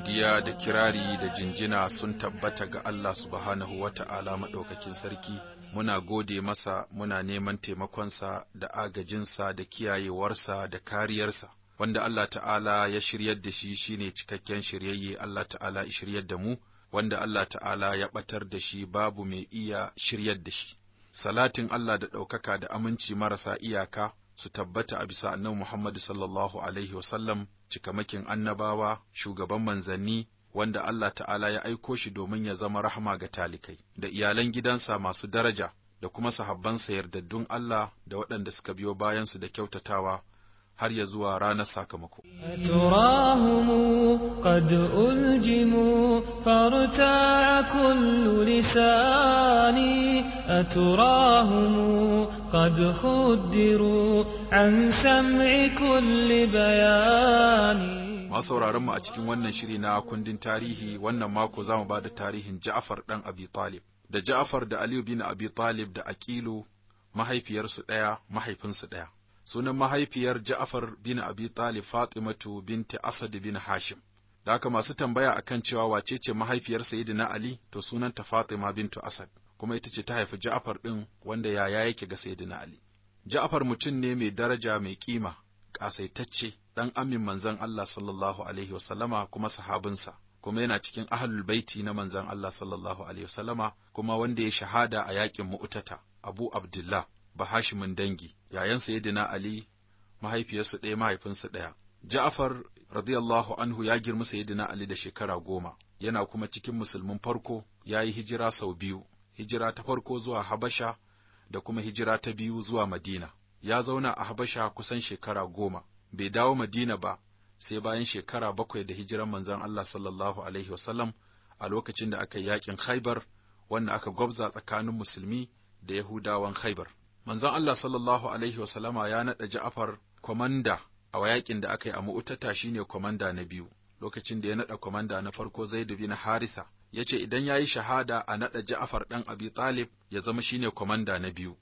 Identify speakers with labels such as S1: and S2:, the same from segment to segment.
S1: godiya da kirari da jinjina sun tabbata ga Allah subhanahu wa ta'ala maɗaukakin sarki, muna gode masa muna neman taimakonsa da agajinsa da kiyayewarsa da kariyarsa, wanda Allah ta'ala ya shiryar da shi shi ne cikakken shiryayye Allah ta'ala ya shiryar da mu, wanda Allah ta'ala ya ɓatar da shi babu mai iya shiryar da shi. Salatin Allah da ɗaukaka da aminci marasa iyaka su tabbata a bisa annabi Muhammad sallallahu alaihi wa sallam. cikamakin annabawa, shugaban manzanni, wanda Allah ta'ala ya aiko shi domin ya zama rahama ga talikai, da iyalan gidansa masu daraja, da kuma sahabbansa yardaddun Allah da waɗanda suka biyo bayansu da kyautatawa har ya zuwa ranar sakamako.
S2: قد ألجموا A turahumu خدروا عن سمع كل
S1: mu a cikin wannan shiri na kundin tarihi wannan mako zamu ba da tarihin Ja'far ɗan Abi Talib da Ja'far da Aliyu bin Abi Talib da Aqilu mahaifiyarsu ɗaya mahaifinsu ɗaya sunan mahaifiyar Ja'far bin Abi Talib Fatimatu binti Asad bin Hashim da haka masu tambaya akan cewa wace ce mahaifiyar Sayyidina Ali to sunanta Fatima bintu Asad kuma ita ce ta haifi Ja'far din wanda yaya yake ga Sayyidina Ali Ja'far mutum ne mai daraja mai kima kasaitacce dan amin manzon Allah sallallahu alaihi wasallama kuma sahabinsa kuma yana cikin ahlul baiti na manzon Allah sallallahu alaihi wasallama kuma wanda ya shahada a yakin mu'tata Abu Abdullah Bahashimin dangi, yayan Sayyidina Ali mahaifiyarsu ɗaya mahaifinsu ɗaya. ja'afar radiyallahu anhu ya girma Sayyidina Ali da shekara goma, yana kuma cikin musulmin farko ya yi hijira sau biyu, hijira ta farko zuwa Habasha da kuma hijira ta biyu zuwa Madina. Ya zauna a Habasha kusan shekara goma, bai dawo Madina ba sai bayan shekara bakwai da hijiran manzon Allah sallallahu alaihi wasallam a lokacin da aka yi yaƙin Khaibar wanda aka gwabza tsakanin musulmi da Yahudawan Khaibar. manzon Allah sallallahu alaihi wasallama ya naɗa ja'afar kwamanda a yaƙin da aka yi a Mu'tata shine kwamanda na biyu lokacin da ya naɗa kwamanda na farko Zaid bin Harisa ya ce idan ya yi shahada a naɗa ja'afar ɗan Abi Talib ya zama shine kwamanda na biyu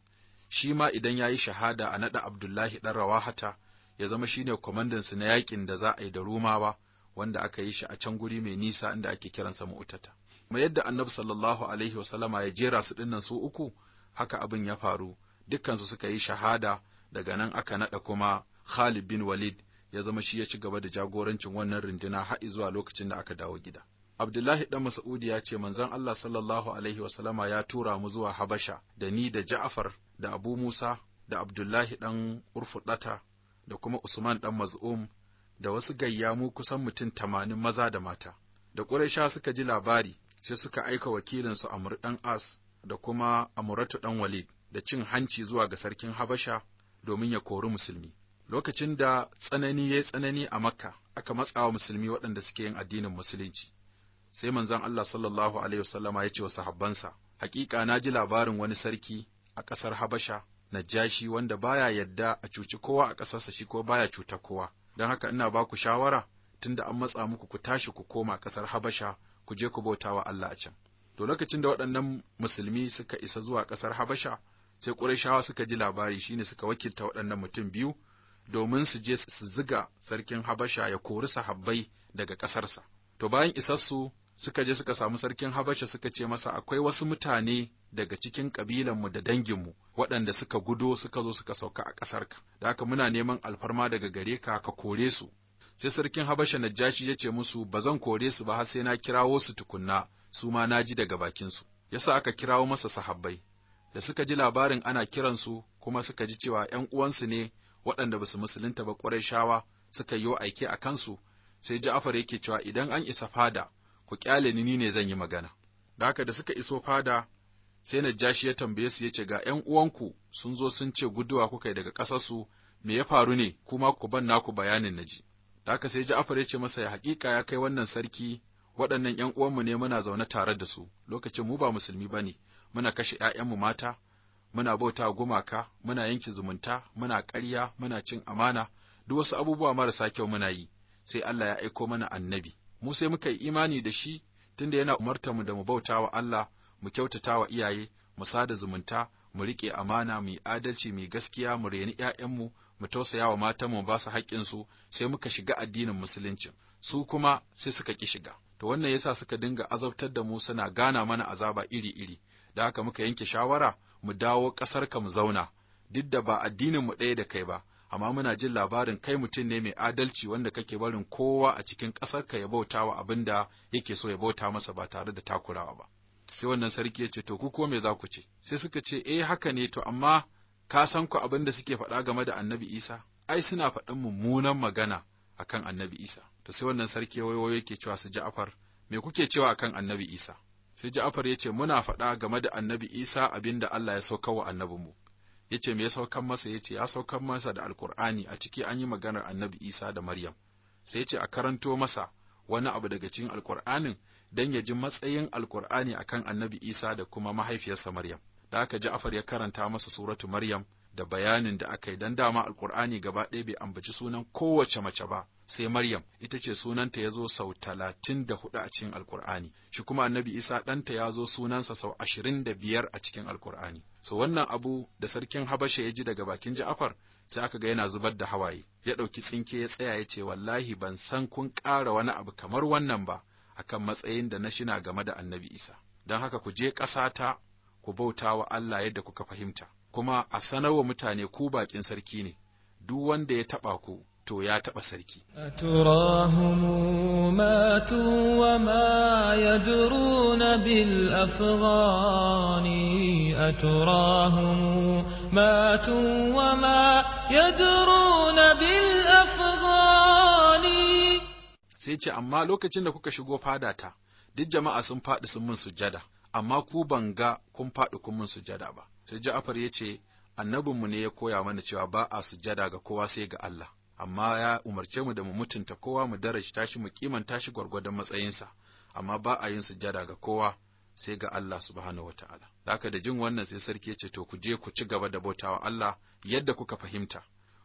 S1: shi ma idan ya yi shahada a naɗa Abdullahi ɗan Rawahata ya zama shine su na yaƙin da za a yi da Rumawa wanda aka yi shi a can guri mai nisa inda ake kiransa Mu'tata kuma yadda Annabi sallallahu alaihi wasallama ya jera su ɗinnan su uku haka abin ya faru dukansu suka yi shahada daga nan aka naɗa kuma Khalid bin Walid ya zama shi ya ci gaba da jagorancin wannan runduna har zuwa lokacin da aka dawo gida. Abdullahi ɗan Mas'udi ya ce manzon Allah sallallahu alaihi wa sallama ya tura mu zuwa Habasha da ni da Ja'far da Abu Musa da Abdullahi dan Urfudata da kuma Usman ɗan Maz'um da wasu gayya mu kusan mutum tamanin maza da mata. Da Quraysha suka ji labari sai suka aika wakilinsu Amr dan As da kuma Amuratu ɗan Walid da cin hanci zuwa ga sarkin Habasha domin ya kori musulmi. Lokacin da tsanani ya tsanani a Makka, aka matsa wa musulmi waɗanda suke yin addinin musulunci. Sai manzon Allah sallallahu alaihi wasallama ya ce wa sahabbansa, "Hakika na ji labarin wani sarki a ƙasar Habasha, Najashi wanda baya yadda a cuci kowa a ƙasarsa shi ko baya cuta kowa. Don haka ina ba ku shawara, tunda an matsa muku ku tashi ku koma ƙasar Habasha, ku je ku bauta wa Allah a can." To lokacin da waɗannan musulmi suka isa zuwa ƙasar Habasha, sai ƙurashawa suka ji labari shine suka wakilta waɗannan mutum biyu domin su je su ziga sarkin Habasha ya kori sahabbai daga ƙasarsa. To bayan isassu suka je suka samu sarkin Habasha suka ce masa akwai wasu mutane daga cikin ƙabilanmu da danginmu waɗanda suka gudo suka zo suka sauka a ƙasarka, da haka muna neman alfarma daga gare ka ka kore su. Sai sarkin Habasha Najjashi ya ce musu ba zan kore su ba har sai na kirawo su tukunna su ma na ji daga bakinsu. Yasa aka kirawo masa sahabbai, da suka ji labarin ana kiransu kuma suka ji cewa ’yan uwansu ne waɗanda ba su musulunta ba ƙwarai shawa suka yi aike a kansu, sai Ja'afar yake cewa idan an isa fada, ku ƙyale ni ne zan yi magana. Da haka da suka iso fada, sai Najashi ya tambaye su ya ce ga ’yan uwanku sun zo sun ce guduwa kuka yi daga ƙasarsu, me ya faru ne kuma ku ban naku bayanin na ji. Da haka sai Ja'afar ya ce masa ya haƙiƙa ya kai wannan sarki waɗannan ’yan uwanmu ne muna zaune tare da su, lokacin mu ba musulmi ba ne, muna kashe ‘ya'yanmu mata, muna bauta gumaka, muna yanke zumunta, muna ƙarya, muna cin amana, duk wasu abubuwa marasa kyau muna yi, sai Allah ya aiko mana annabi. Mu sai muka yi imani da shi tunda yana umarta mu da mu bauta wa Allah, mu kyautata wa iyaye, mu sada zumunta, mu riƙe amana, mu yi adalci, mu yi gaskiya, mu reni ‘ya'yanmu, mu tausaya wa matanmu ba su haƙƙinsu, sai muka shiga addinin musuluncin, su kuma sai suka ƙi shiga. to wannan yasa suka dinga azabtar da mu suna gana mana azaba iri-iri da haka muka yanke shawara mu dawo ƙasar ka mu zauna duk da ba addinin mu ɗaya da kai ba amma muna jin labarin kai mutum ne mai adalci wanda kake barin kowa a cikin ƙasar ka ya bauta wa abin da yake so ya bauta masa ba tare da takurawa ba sai wannan sarki ya ce to ku ko me za ku ce sai suka ce eh haka ne to amma ka san ku abin da suke faɗa game da annabi isa ai suna faɗin mummunan magana akan annabi isa to sai wannan sarki wayo yake cewa su Ja'far me kuke cewa akan Annabi Isa sai Ja'far yace muna faɗa game da Annabi Isa abinda Allah ya sauka wa annabinmu mu. Yace me ya saukan masa yace ya saukan masa da Alkur'ani a ciki an yi maganar Annabi Isa da Maryam sai yace a karanto masa wani abu daga cikin Alkur'anin dan ya ji matsayin Alkur'ani akan Annabi Isa da kuma mahaifiyarsa Maryam da haka Ja'far ya karanta masa suratu Maryam da bayanin da aka yi don dama alkur'ani gaba ɗaya bai ambaci sunan kowace mace ba sai maryam ita ce sunanta ya zo sau talatin da hudu a cikin alkur'ani shi kuma annabi isa ɗanta ya zo sunansa sau ashirin da biyar a cikin alkur'ani so wannan abu da sarkin habasha ya ji daga bakin ja'afar sai aka ga yana zubar da hawaye ya ɗauki tsinke ya tsaya ya ce wallahi ban san kun ƙara wani abu kamar wannan ba akan matsayin da na shina game da annabi isa don haka ku je ƙasata ku bauta wa Allah yadda kuka fahimta kuma a sanarwa mutane ku baƙin sarki ne, duk wanda ya taɓa ku to ya taɓa sarki. Sai ce, amma lokacin da kuka shigo fadata, duk jama'a sun faɗi sun mun sujada, amma ku ban ga kun faɗi kun mun sujada ba. sai Ja'far ya ce annabinmu ne ya koya mana cewa ba a sujada ga kowa sai ga Allah amma ya umarce mu da mu mutunta kowa mu darasi, tashi mu kimanta shi gwargwadon matsayinsa amma ba a yin sujada ga kowa sai ga Allah subhanahu wataala haka da jin wannan sai sarki ya ce to ku je ku ci gaba da bautawa Allah yadda kuka fahimta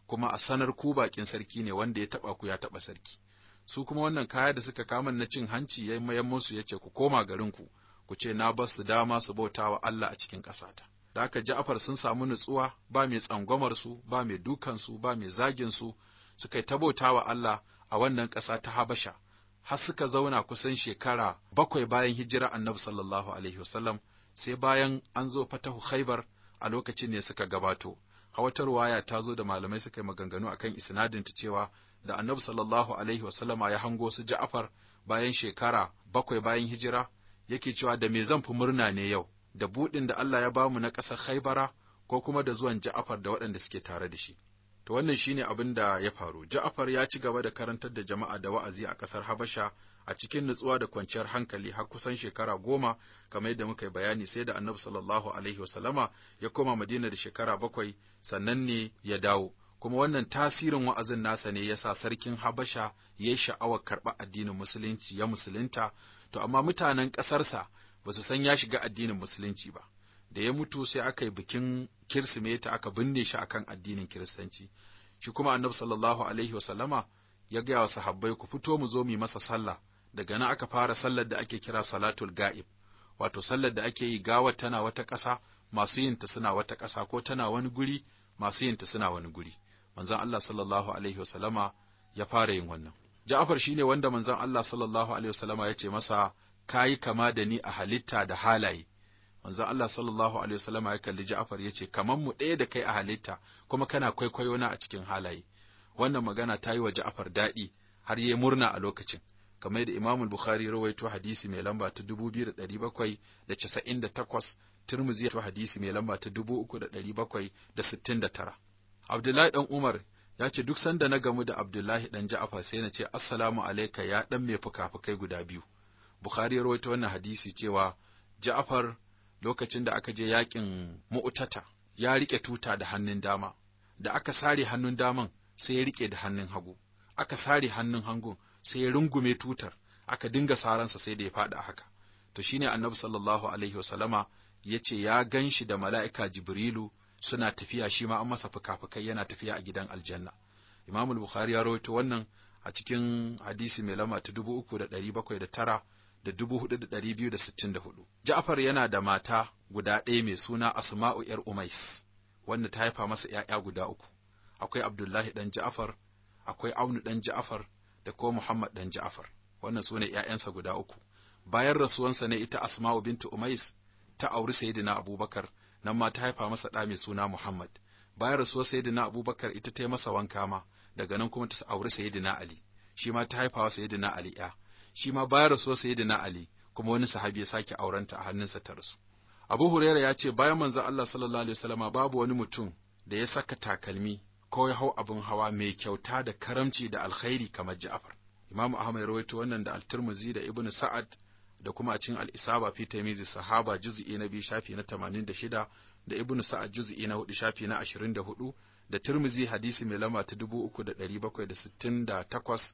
S1: kuma a sanar ku bakin sarki ne wanda ya taba ku ya taba sarki su kuma wannan kaya da suka kama na cin hanci ya mayan musu ya ce ku koma garinku, ku ku ce na bar su dama su bautawa Allah a cikin ƙasata da aka ja'afar sun samu nutsuwa ba mai tsangwamarsu ba mai dukansu ba mai zaginsu su suka yi wa Allah a wannan ƙasa ta Habasha har suka zauna kusan shekara bakwai bayan hijira Annabi sallallahu alaihi wasallam sai bayan an zo fatahu Khaibar a lokacin ne suka gabato hawatar waya ta zo da malamai suka yi maganganu akan isnadin ta cewa da Annabi sallallahu alaihi wasallama ya hango su ja'afar bayan shekara bakwai bayan hijira yake cewa da me zan fi murna ne yau da buɗin da Allah ya ba mu na ƙasar Khaibara ko kuma da zuwan Ja'afar da waɗanda suke tare da shi. To wannan shine abin da ya faru. Ja'afar ya ci gaba da karantar da jama'a da wa'azi a ƙasar Habasha a cikin nutsuwa da kwanciyar hankali har kusan shekara goma kamar yadda muka yi bayani sai da Annabi sallallahu alaihi wasallama ya koma Madina da shekara bakwai sannan ne ya dawo. Kuma wannan tasirin wa'azin nasa ne ya sa sarkin Habasha ya sha'awar karɓar addinin musulunci ya musulunta, to amma mutanen ƙasarsa ba su san ya shiga addinin musulunci ba da ya mutu sai aka yi bikin kirsimeti aka binne shi akan addinin kiristanci shi kuma annabi sallallahu alaihi wasallama ya gaya wa sahabbai ku fito mu zo mu masa sallah daga nan aka fara sallar da ake kira salatul ga'ib wato sallar da ake yi gawa tana wata ƙasa masu yinta suna wata ƙasa ko tana wani guri masu yinta suna wani guri manzon Allah sallallahu alaihi wasallama ya fara yin wannan Ja'far shine wanda manzon Allah sallallahu alaihi wasallama ya ce masa ka yi kama da ni a halitta da halaye manzo Allah sallallahu alaihi wasallam ya kalli ja'afar ya ce kaman mu ɗaya da kai a halitta kuma kana kwaikwayo na a cikin halaye wannan magana ta yi wa Ja'far daɗi har yayi murna a lokacin kamar yadda Imam Bukhari rawaito hadisi mai lamba ta 2798 Tirmidhi rawaito hadisi mai lamba ta dubu da da da bakwai sittin tara. Abdullahi dan Umar ya ce duk sanda na gamu da Abdullahi dan Ja'afar sai na ce assalamu alayka ya dan mai fuka-fukai guda biyu Bukhari ya rawaito wannan hadisi cewa Ja'far lokacin da aka je yakin Mu'tata ya rike tuta da hannun dama da aka sare hannun daman sai ya rike da hannun hagu aka sare hannun hangun sai ya rungume tutar aka dinga saransa sai da ya faɗi haka to shine annabi sallallahu alaihi wasallama ya ce ya ganshi da mala'ika Jibrilu suna tafiya shi ma an masa fuka-fukai yana tafiya a gidan aljanna. Imam Bukhari ya rawaito wannan a cikin hadisi mai lamba ta dubu da ɗari bakwai da tara da dubu hudu da ɗari biyu da sittin da hudu. Ja'far yana da mata guda ɗaya mai suna Asma'u ‘yar Umais, wanda ta haifa masa ‘ya'ya guda uku, akwai Abdullahi ɗan Ja'far, akwai Aunu ɗan Ja'far, da ko Muhammad ɗan Ja'far, wannan su ne ‘ya'yansa guda uku. Bayan rasuwansa ne ita Asma'u Binta Umais ta auri Sayyidina Abubakar, nan ma ta haifa masa ɗa mai suna Muhammad. Bayan rasuwar Sayyidina Abubakar ita ta yi masa wanka ma, daga nan kuma ta auri Sayyidina Ali, shi ma ta haifa wa Sayyidina Ali ‘ya. shi ma bayan rasuwar na Ali kuma wani sahabi ya sake aurenta a hannunsa ta rasu Abu Huraira ya ce bayan manzo Allah sallallahu alaihi wasallama babu wani mutum da ya saka takalmi ko ya hau abin hawa mai kyauta da karamci da alkhairi kamar Ja'far Imam Ahmad ya rawaito wannan da Al-Tirmidhi da Ibn Sa'ad da kuma a cikin Al-Isaba fi Tirmidhi Sahaba juz'i na 2 shafi na 86 da Ibn Sa'ad juz'i na 4 shafi na 24 da Tirmidhi hadisi mai lamba ta 3768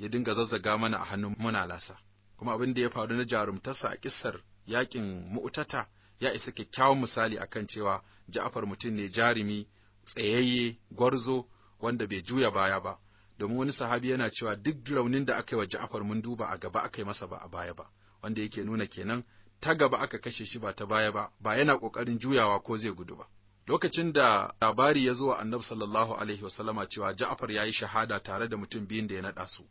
S1: ya dinga zazzaga mana a hannun muna lasa kuma abin da ya faru na jarumtarsa a kissar yakin mu'tata ya isa kyakkyawan misali a kan cewa ja'afar mutum ne jarumi tsayayye gwarzo wanda bai juya baya ba domin wani sahabi yana cewa duk raunin da aka yi wa ja'afar mun duba a gaba aka yi masa ba a baya ba wanda yake nuna kenan ta gaba aka kashe shi ba ta baya ba ba yana kokarin juyawa ko zai gudu ba lokacin da labari ya zo wa annabi sallallahu alaihi wasallama cewa ja'afar ya yi shahada tare da mutum biyun da ya naɗa su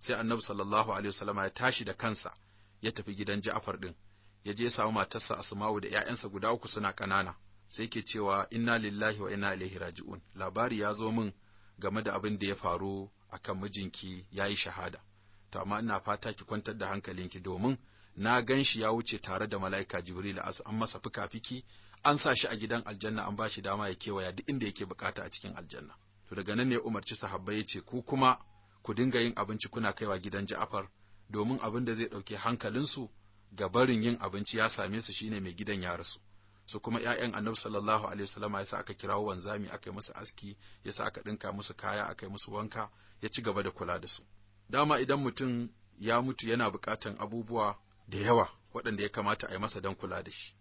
S1: sai annabi sallallahu alaihi wasallama ya tashi da kansa ya tafi gidan Ja'far din ya je ya samu matarsa Asma'u da ‘ya'yansa guda uku suna ƙanana, sai ke cewa inna lillahi wa inna ilaihi raji'un labari ya zo min game da abin da ya faru akan mijinki yayi shahada, to amma ina fata ki kwantar da hankalinki domin na gan shi ya wuce tare da mala'ika Jibril as an masa fikafiki, an sa shi a gidan aljanna an ba shi dama ya kewaya duk inda yake bukata a cikin aljanna. To daga nan ne umarci sahabbai ya ce ku kuma ku dinga yin abinci kuna kaiwa gidan Ja'far domin abin da zai ɗauke hankalinsu ga barin yin abinci ya same su shine mai gidan ya rasu su kuma ƴaƴan Annabi sallallahu alaihi wasallama yasa aka kirawo wanzami aka yi musu aski yasa aka dinka musu kaya aka yi musu wanka ya ci gaba da kula da su dama idan mutum ya mutu yana buƙatan abubuwa da yawa waɗanda ya kamata a yi masa don kula da shi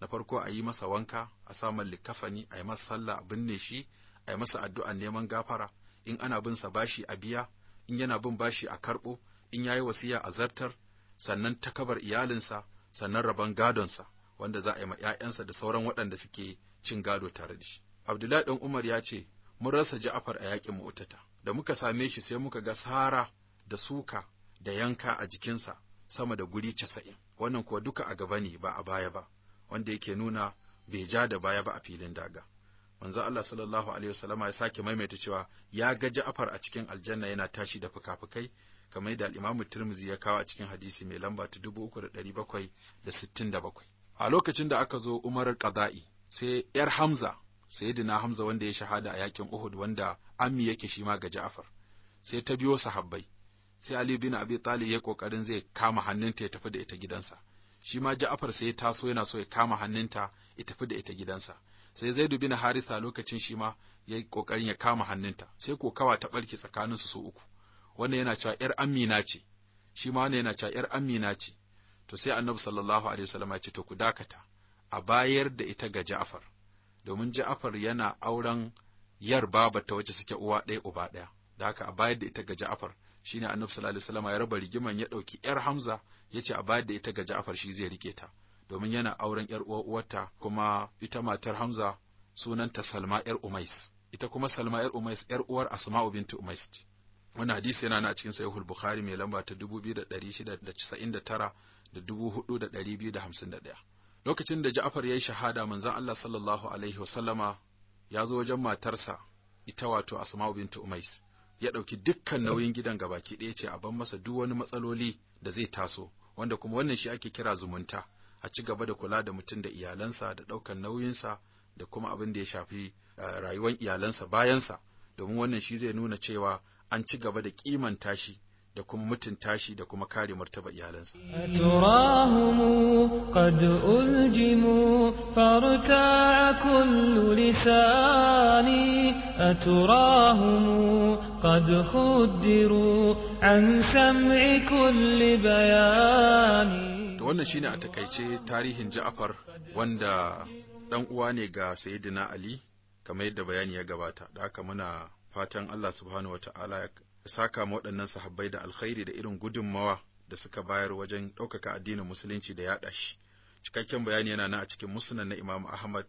S1: na farko a yi masa wanka a samun likafani a yi masa sallah a binne shi a yi masa addu'a neman gafara in ana bin sa bashi a biya in yana bin bashi a karɓo in ya yi wasiya a zartar sannan takabar iyalinsa sannan rabon gadonsa wanda za a yi ma ‘ya'yansa da sauran waɗanda suke cin gado tare da shi. Abdullahi ɗan Umar ya ce, Mun rasa Ja'afar a yaƙin Mu'tata, da muka same shi sai muka ga sara da suka da yanka a jikinsa sama da guri casa'in, wannan kuwa duka a gaba ne ba a baya ba, wanda yake nuna bai ja da baya ba a filin daga. manzo Allah sallallahu alaihi wasallama ya sake maimaita cewa ya ga Ja'far a cikin aljanna yana tashi da fukafukai kamar yadda al-Imam Tirmidhi ya kawo a cikin hadisi mai lamba ta 3767 a lokacin da aka zo Umar Qada'i sai yar Hamza sayyidina Hamza wanda ya shahada a yakin Uhud wanda ammi yake shi ma ga Ja'far sai ta biyo sahabbai sai Ali bin Abi Talib ya kokarin zai kama hannunta ya tafi da ita gidansa shi ma Ja'far sai ya taso yana so ya kama hannunta ya tafi da ita gidansa sai zai dubi na harisa lokacin shi ma ya yi ƙoƙarin ya kama hannunta sai kokawa ta ɓarke tsakanin su uku wannan yana cewa ‘yar amina ce shi ma wannan yana cewa ‘yar amina ce to sai annabi sallallahu alaihi wasallam ya ce to ku dakata a bayar da ita ga Ja'far domin Ja'far yana auren yar babata wacce suke uwa ɗaya uba ɗaya da haka a bayar da ita ga Ja'far shine annabi sallallahu alaihi wasallam ya raba rigiman ya ɗauki ‘yar Hamza ya ce a bayar da ita ga Ja'far shi zai rike ta domin yana auren ‘yar uwarta kuma ita matar Hamza sunanta Salma ‘yar Umais, ita kuma Salma ‘yar Umais ‘yar uwar Asma'u bintu Umais ce. Wani hadisi yana na cikin Sahihul Bukhari mai lamba ta 2699 da 4251. Lokacin da Ja'far ya yi shahada manzon Allah sallallahu alaihi wa sallama ya zo wajen matarsa ita wato Asma'u bintu Umais ya ɗauki dukkan nauyin gidan gabaki ɗaya ce a ban masa duk wani matsaloli da zai taso wanda kuma wannan shi ake kira zumunta a ci gaba da kula da mutum da iyalansa da ɗaukar nauyinsa da kuma abin da ya shafi eh, rayuwar iyalansa bayansa domin wannan shi zai nuna cewa an ci gaba da kiman tashi da kuma mutunta shi da kuma kare martaba iyalansa.
S2: Turahumu qad uljimu farta'a kullu lisani aturahumu qad khuddiru an sam'i kulli bayani
S1: wannan shine a takaice tarihin Ja'far wanda dan uwa ne ga Sayyidina Ali kamar yadda bayani ya gabata da haka muna fatan Allah subhanahu wataala ya saka ma waɗannan sahabbai da alkhairi da irin gudunmawa da suka bayar wajen ɗaukaka addinin musulunci da yaɗa shi cikakken bayani yana nan a cikin musnad na Imam Ahmad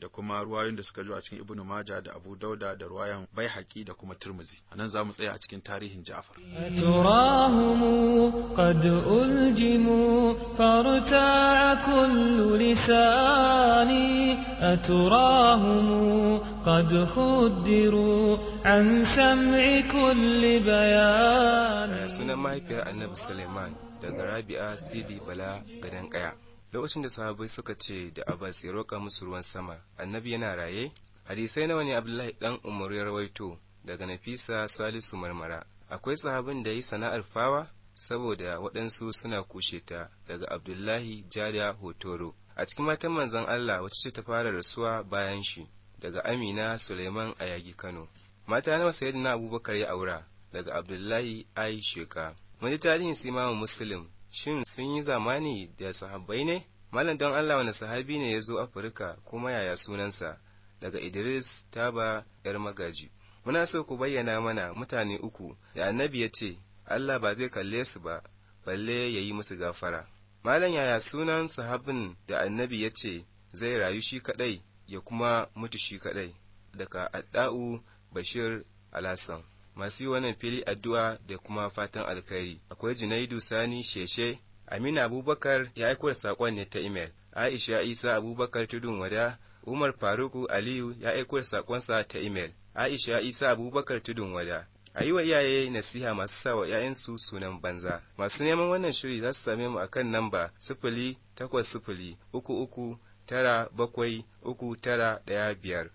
S1: da kuma ruwayoyin da suka zo a cikin Ibn Majah da Abu Dauda da ruwayan Baihaqi da kuma Tirmidhi anan zamu tsaya a cikin tarihin Ja'far
S2: turahumu qad uljimu farta'a kullu lisani aturahum qad khuddiru an sam'i kulli bayan
S3: sunan mahaifiyar Annabi Suleiman daga Rabi'a Sidi Bala gadan kaya lokacin da sahabbai suka ce da Abbas ya roƙa musu ruwan sama annabi yana raye hadisai nawa ne Abdullahi dan Umar ya rawaito daga Nafisa Salisu Marmara akwai sahabin da ya yi sana'ar fawa saboda waɗansu suna kushe ta daga Abdullahi Jada Hotoro a cikin matan manzon Allah wacce ce ta fara rasuwa bayan shi daga Amina Suleiman a Ayagi Kano mata nawa Sayyidina Abubakar ya aura daga Abdullahi Aisheka mun ji tarihin simamu Muslim shin sun yi zamani da sahabbai ne malam don Allah wani sahabi ne ya zo Afirka kuma yaya sunansa daga Idris ta ba yar magaji muna so ku bayyana mana mutane uku da annabi ya ce Allah ba zai kalle su ba balle ya yi musu gafara malam yaya sunan sahabin da annabi ya ce zai rayu shi kaɗai ya kuma mutu shi kaɗai daga Adda'u Bashir Alhassan masu yi wannan fili addu'a da kuma fatan alkhairi akwai junaidu sani sheshe amina abubakar ya aiko da saƙon ne ta imel aisha isa abubakar tudun wada umar faruku aliyu ya aiko da saƙonsa ta imel aisha isa abubakar tudun wada a yi wa iyaye nasiha masu sawa ‘ya'yansu sunan banza masu neman wannan shiri za su same mu akan namba sifili takwas sifili uku uku tara bakwai uku tara ɗaya biyar.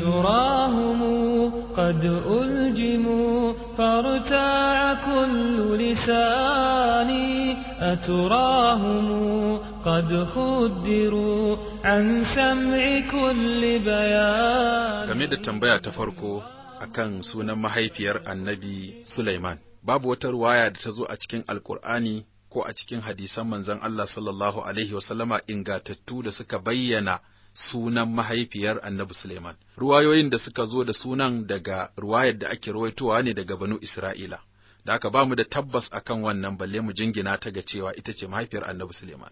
S2: turahumu قد ألجموا فارتاع كل لساني أتراهم قد خدروا عن سمع كل بيان game da
S1: tambaya ta farko akan sunan mahaifiyar annabi Sulaiman babu wata ruwaya da ta zo a cikin alkur'ani ko a cikin hadisan manzon Allah sallallahu alaihi wasallama ingatattu da suka bayyana sunan mahaifiyar annabi Suleiman. Ruwayoyin da suka zo da sunan daga ruwayar da ake ruwaitowa ne daga banu Isra'ila. Da aka ba mu da tabbas akan wannan balle mu jingina ta ga cewa ita ce mahaifiyar annabi Suleiman.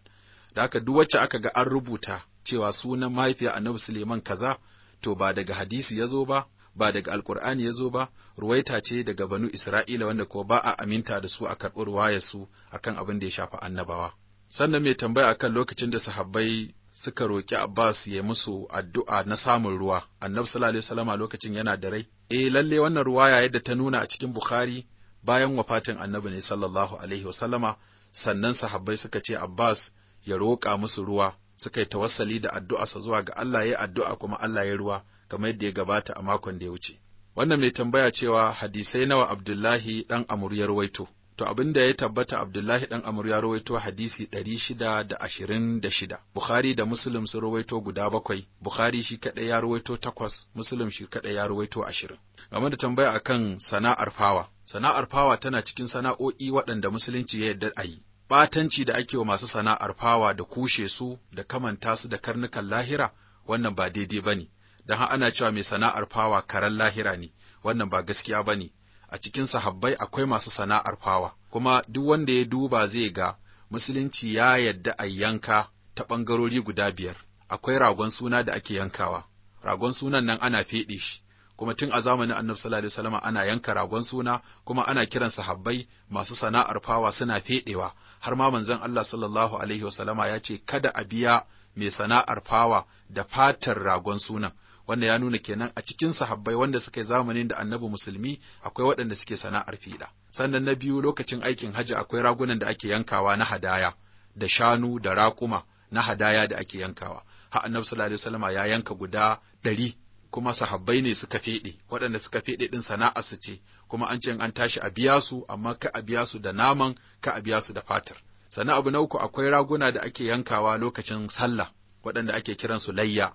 S1: Da aka duk wacce aka ga an rubuta cewa sunan mahaifiyar annabi Suleiman kaza to ba daga hadisi ya zo ba ba daga alkur'ani ya zo ba ruwaita ce daga banu isra'ila wanda ko ba a aminta da su a karɓi a kan abin da ya shafi annabawa sannan mai tambaya kan lokacin da sahabbai suka roƙi Abbas ya musu addu'a na samun ruwa annabi sallallahu alaihi wasallam lokacin yana da rai E, lalle wannan ruwaya yadda ta nuna a cikin Bukhari bayan wafatin annabi ne sallallahu alaihi wasallama sannan sahabbai suka ce Abbas ya roƙa musu ruwa suka yi tawassali da addu'arsa zuwa ga Allah ya addu'a kuma Allah ya ruwa kamar yadda ya gabata a makon da ya wuce. Wannan mai tambaya cewa hadisai nawa Abdullahi ɗan amuryar waito. To abin da ya tabbata Abdullahi ɗan amurya ruwaito hadisi ɗari shida da ashirin da shida. Bukhari da Muslim su rawaito guda bakwai, Bukhari shi kaɗai ya rawaito takwas, Muslim shi kaɗai ya rawaito ashirin. Game da tambaya akan sana'ar fawa. Sana'ar fawa tana cikin sana'o'i waɗanda Musulunci ya yarda a yi. Ɓatanci da ake wa masu sana'ar fawa da kushe su da kamanta su da karnukan lahira wannan ba daidai ba ne. dan ana cewa mai sana'ar fawa karan lahira ne wannan ba gaskiya ba ne a cikin sahabbai akwai masu sana'ar fawa kuma duk wanda ya duba zai ga musulunci ya yadda a yanka ta ɓangarori guda biyar akwai ragon suna da ake yankawa ragon sunan nan ana feɗe shi kuma tun a zamanin annabi sallallahu alaihi wasallam ana yanka ragon suna kuma ana kiran sahabbai masu sana'ar fawa suna feɗewa har ma manzon Allah sallallahu alaihi wasallama ya ce kada a biya mai sana'ar fawa da fatar ragon sunan wanda ya nuna kenan a cikin sahabbai wanda suka yi zamanin da annabi musulmi akwai waɗanda suke sana'ar fiɗa sannan na biyu lokacin aikin hajji akwai ragunan da ake yankawa na hadaya da shanu da raƙuma na hadaya da ake yankawa ha annabi sallallahu alaihi wasallam ya yanka guda ɗari kuma sahabbai ne suka feɗe waɗanda suka feɗe ɗin sana'ar su ce kuma an ce an tashi a biya su amma ka a biya su da naman ka a biya su da fatar sannan abu na uku akwai raguna da ake yankawa lokacin sallah waɗanda ake kiransu layya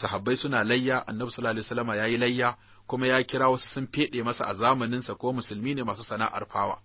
S1: sahabbai suna layya annabi sallallahu alaihi wasallama yayi layya kuma ya kira wasu sun fede masa a zamaninsa ko musulmi ne masu sana'ar fawa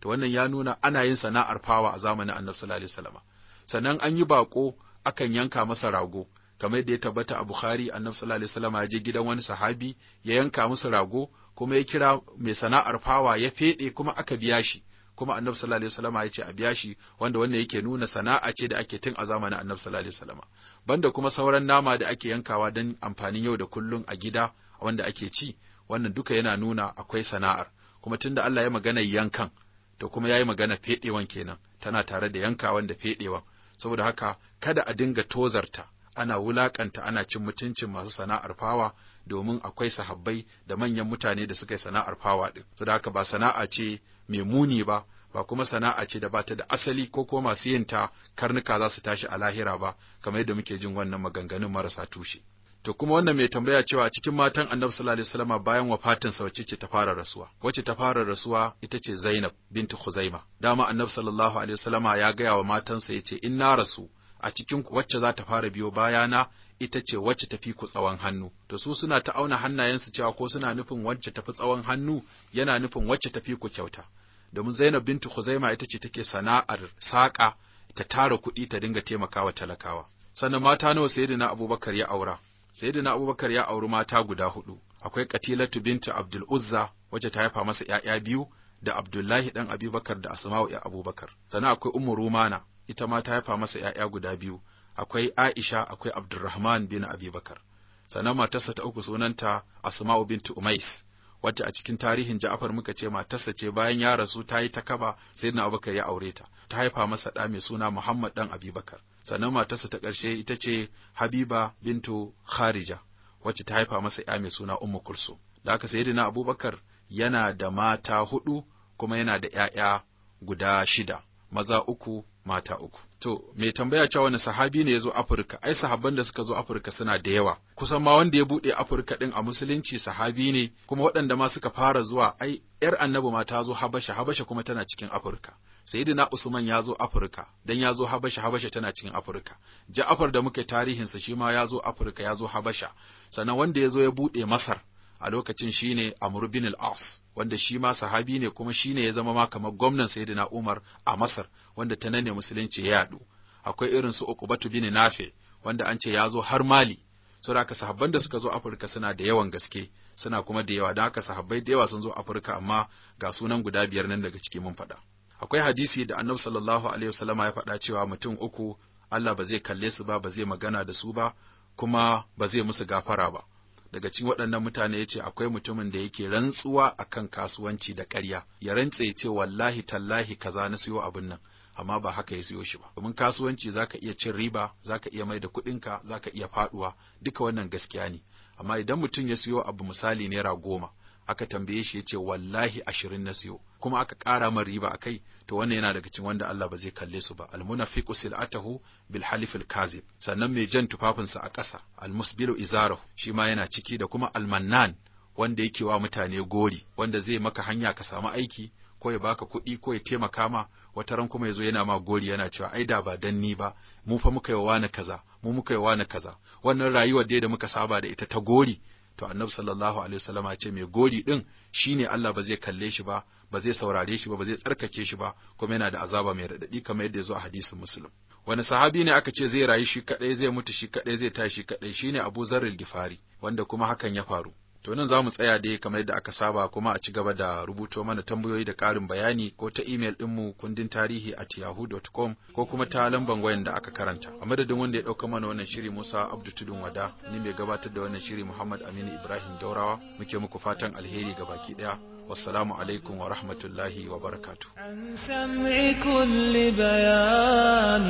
S1: to wannan ya nuna ana yin sana'ar fawa a zamanin annabi sallallahu alaihi sannan an yi bako akan yanka masa rago kamar yadda ya tabbata a Bukhari annabi sallallahu alaihi ya je gidan wani sahabi ya yanka musu rago kuma ya kira mai sana'ar fawa ya fede kuma aka biya shi kuma annabi sallallahu alaihi wasallama ya ce a biya shi wanda wannan yake nuna sana'a ce da ake tun a zamanin annabi sallallahu alaihi wasallama banda kuma sauran nama da ake yankawa don amfanin yau da kullum a gida wanda ake ci wannan duka yana nuna akwai sana'ar kuma tunda Allah ya magana yankan to kuma ya yi magana feɗewan kenan tana tare da yankawan da feɗewan saboda haka kada a dinga tozarta ana wulakanta ana cin mutuncin masu sana'ar fawa domin akwai sahabbai da manyan mutane da suka yi sana'ar fawa ɗin. su haka ba sana'a ce mai muni ba, ba kuma sana'a ce da bata da asali ko kuma masu ta karnuka za su tashi a lahira ba, kamar yadda muke jin wannan maganganun marasa tushe. To kuma wannan mai tambaya cewa cikin matan Annabi sallallahu alaihi wasallam bayan wafatinsa wacce ce ta fara rasuwa? Wacce ta fara rasuwa ita ce Zainab bintu Khuzaima. Dama Annabi sallallahu alaihi wasallama ya gaya wa matansa yace in na rasu a cikin wacce za ta fara biyo bayana ita ce wacce tafi ku tsawon hannu to su suna ta auna hannayensu cewa ko suna nufin wacce tafi tsawon hannu yana nufin wacce tafi ku kyauta domin Zainab bintu Khuzaima ita ce take sana'ar saƙa ta tara kuɗi ta dinga taimakawa talakawa sannan mata nawa sayyidina Abubakar ya aura sayyidina Abubakar ya auri mata guda hudu akwai Katilatu bintu Abdul Uzza wacce ta haifa masa ƴaƴa biyu da Abdullahi ɗan Abubakar da Asma'u ya Abubakar sannan akwai Ummu Rumana ita ma ta haifa masa ’ya'ya guda biyu, akwai Aisha akwai Abdurrahman bin Abi Bakar sannan matarsa ta uku sunanta Asma'u Bintu Umais wacce a cikin tarihin Ja'far muka ce matarsa ce bayan ya rasu ta yi ta kaba sayyidina Abubakar ya aure ta ta haifa masa ɗa mai suna Muhammad dan Abubakar sannan matarsa ta ƙarshe ita ce Habiba bintu Kharija wacce ta haifa masa ya mai suna Ummu Kulsum da haka sayyidina Abubakar yana da mata hudu kuma yana da ‘ya'ya guda shida, maza uku mata uku. To, mai tambaya cewa wani sahabi ne ya zo Afirka, ai sahabban da suka zo Afirka suna da yawa, kusan ma wanda ya buɗe Afirka ɗin a musulunci sahabi ne, kuma waɗanda ma suka fara zuwa, ai, ‘yar annabi ma ta zo Habasha, Habasha kuma tana cikin Afirka. Sayyidina Usman ya zo Afirka, dan ya zo Habasha, Habasha tana cikin Afirka. Ja'afar da muke tarihinsa shi ma ya zo Afirka, ya zo Habasha. Sannan wanda ya zo ya buɗe Masar, a lokacin shine Amr bin al-As wanda shi ma sahabi ne kuma shi ne ya zama ma kamar gwamnan Sayyidina Umar a Masar wanda ta nane musulunci ya yaɗu akwai irin su Ukubatu bin Nafe wanda an ce ya zo har Mali saboda haka sahabban da suka zo Afirka suna da yawan gaske suna kuma da yawa don haka sahabbai da yawa sun zo Afirka amma ga sunan guda biyar nan daga ciki mun faɗa akwai hadisi da Annabi sallallahu alaihi wasallama ya faɗa cewa mutum uku Allah ba zai kalle su ba ba zai magana da su ba kuma ba zai musu gafara ba daga cikin waɗannan mutane ya ce akwai mutumin da yake rantsuwa a kan kasuwanci da ƙarya ya rantse ya ce wallahi tallahi kaza na siyo abin nan amma ba haka ya siyo shi ba domin kasuwanci zaka iya cin riba zaka iya mai da kuɗin kuɗinka zaka iya faɗuwa duka wannan gaskiya ne amma idan mutum ya siyo abu misali naira goma aka tambaye shi ya ce wallahi ashirin na siyo kuma aka ƙara min riba a kai to wannan yana daga cikin wanda Allah ba zai kalle su ba almunafiqu sil'atahu bil halifil kazib sannan mai jan tufafinsa a ƙasa almusbilu izarahu shi ma yana ciki da kuma almannan wanda yake wa mutane gori wanda zai maka hanya ka samu aiki ko ya baka kuɗi ko ya taimaka ma wata ran kuma ya zo yana ma gori yana cewa ai da ba dan ni ba mu fa muka yi wani kaza mu muka yi wani kaza wannan rayuwar dai da muka saba da ita ta gori to annabi sallallahu alaihi ya ce mai gori din shine Allah ba zai kalle shi ba ba zai saurare shi ba ba zai tsarkake shi ba kuma yana da azaba mai raɗaɗi kamar yadda ya zo a hadisin muslim wani sahabi ne aka ce zai rayu shi kaɗai, zai mutu shi kaɗai, zai tashi shi shine Abu Zarril Gifari wanda kuma hakan ya faru to nan za mu tsaya dai kamar yadda aka saba kuma a ci gaba da rubuto mana tambayoyi da ƙarin bayani ko ta imel ɗinmu kundin tarihi at yahoo.com ko kuma ta lambar wayan da aka karanta a madadin wanda ya ɗauka mana wannan shiri musa abdu tudun wada ni mai gabatar da wannan shiri muhammad aminu ibrahim daurawa muke muku fatan alheri ga baki ɗaya والسلام عليكم ورحمة الله وبركاته
S2: عن سمع كل بيان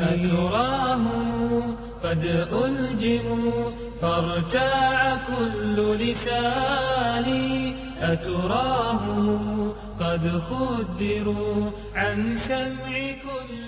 S2: أتراهم قد ألجموا فارتاع كل لسان أتراهم قد خدروا عن سمع كل